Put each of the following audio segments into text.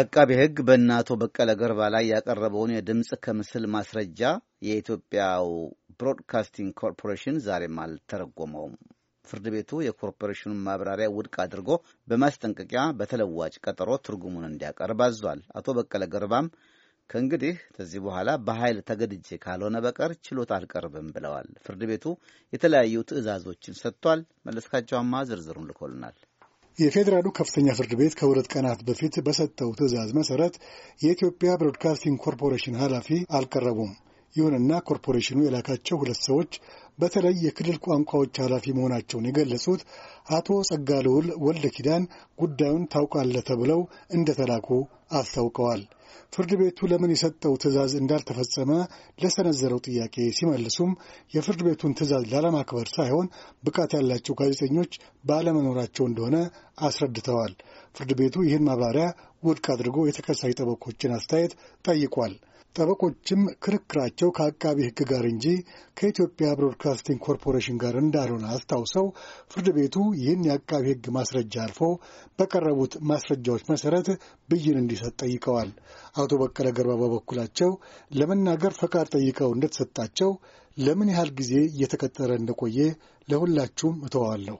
አቃቤ ሕግ በእነ አቶ በቀለ ገርባ ላይ ያቀረበውን የድምፅ ከምስል ማስረጃ የኢትዮጵያው ብሮድካስቲንግ ኮርፖሬሽን ዛሬም አልተረጎመውም። ፍርድ ቤቱ የኮርፖሬሽኑን ማብራሪያ ውድቅ አድርጎ በማስጠንቀቂያ በተለዋጭ ቀጠሮ ትርጉሙን እንዲያቀርብ አዟል። አቶ በቀለ ገርባም ከእንግዲህ ከዚህ በኋላ በኃይል ተገድጄ ካልሆነ በቀር ችሎት አልቀርብም ብለዋል። ፍርድ ቤቱ የተለያዩ ትዕዛዞችን ሰጥቷል። መለስካቸውማ ዝርዝሩን ልኮልናል። የፌዴራሉ ከፍተኛ ፍርድ ቤት ከሁለት ቀናት በፊት በሰጠው ትዕዛዝ መሰረት የኢትዮጵያ ብሮድካስቲንግ ኮርፖሬሽን ኃላፊ አልቀረቡም። ይሁንና ኮርፖሬሽኑ የላካቸው ሁለት ሰዎች በተለይ የክልል ቋንቋዎች ኃላፊ መሆናቸውን የገለጹት አቶ ጸጋልውል ወልደ ኪዳን ጉዳዩን ታውቃለህ ተብለው እንደተላኩ አስታውቀዋል። ፍርድ ቤቱ ለምን የሰጠው ትዕዛዝ እንዳልተፈጸመ ለሰነዘረው ጥያቄ ሲመልሱም የፍርድ ቤቱን ትዕዛዝ ላለማክበር ሳይሆን ብቃት ያላቸው ጋዜጠኞች ባለመኖራቸው እንደሆነ አስረድተዋል። ፍርድ ቤቱ ይህን ማብራሪያ ውድቅ አድርጎ የተከሳሽ ጠበቆችን አስተያየት ጠይቋል። ጠበቆችም ክርክራቸው ከአቃቢ ሕግ ጋር እንጂ ከኢትዮጵያ ብሮድካስቲንግ ኮርፖሬሽን ጋር እንዳልሆነ አስታውሰው ፍርድ ቤቱ ይህን የአቃቢ ሕግ ማስረጃ አልፎ በቀረቡት ማስረጃዎች መሰረት ብይን እንዲሰጥ ጠይቀዋል። አቶ በቀለ ገርባ በበኩላቸው ለመናገር ፈቃድ ጠይቀው እንደተሰጣቸው ለምን ያህል ጊዜ እየተቀጠረ እንደቆየ ለሁላችሁም እተዋለሁ።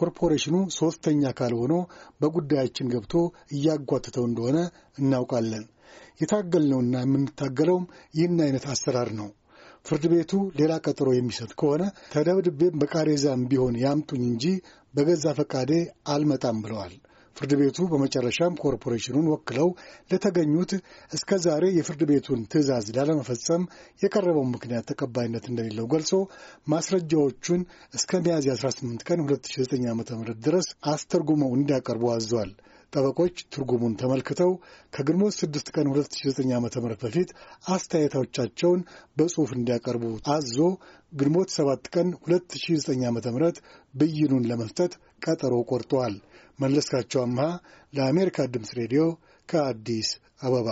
ኮርፖሬሽኑ ሶስተኛ አካል ሆኖ በጉዳያችን ገብቶ እያጓትተው እንደሆነ እናውቃለን። የታገልነውና የምንታገለውም ይህን አይነት አሰራር ነው። ፍርድ ቤቱ ሌላ ቀጠሮ የሚሰጥ ከሆነ ተደብድቤም በቃሬዛም ቢሆን ያምጡኝ እንጂ በገዛ ፈቃዴ አልመጣም ብለዋል። ፍርድ ቤቱ በመጨረሻም ኮርፖሬሽኑን ወክለው ለተገኙት እስከ ዛሬ የፍርድ ቤቱን ትዕዛዝ ላለመፈጸም የቀረበው ምክንያት ተቀባይነት እንደሌለው ገልጾ ማስረጃዎቹን እስከ ሚያዝያ 18 ቀን 2009 ዓ ም ድረስ አስተርጉመው እንዲያቀርቡ አዟል። ጠበቆች ትርጉሙን ተመልክተው ከግንቦት 6 ቀን 2009 ዓ ም በፊት አስተያየቶቻቸውን በጽሑፍ እንዲያቀርቡ አዞ ግንቦት 7 ቀን 2009 ዓ ም ብይኑን ለመስጠት ቀጠሮ ቆርጠዋል። መለስካቸው አምሃ ለአሜሪካ ድምፅ ሬዲዮ ከአዲስ አበባ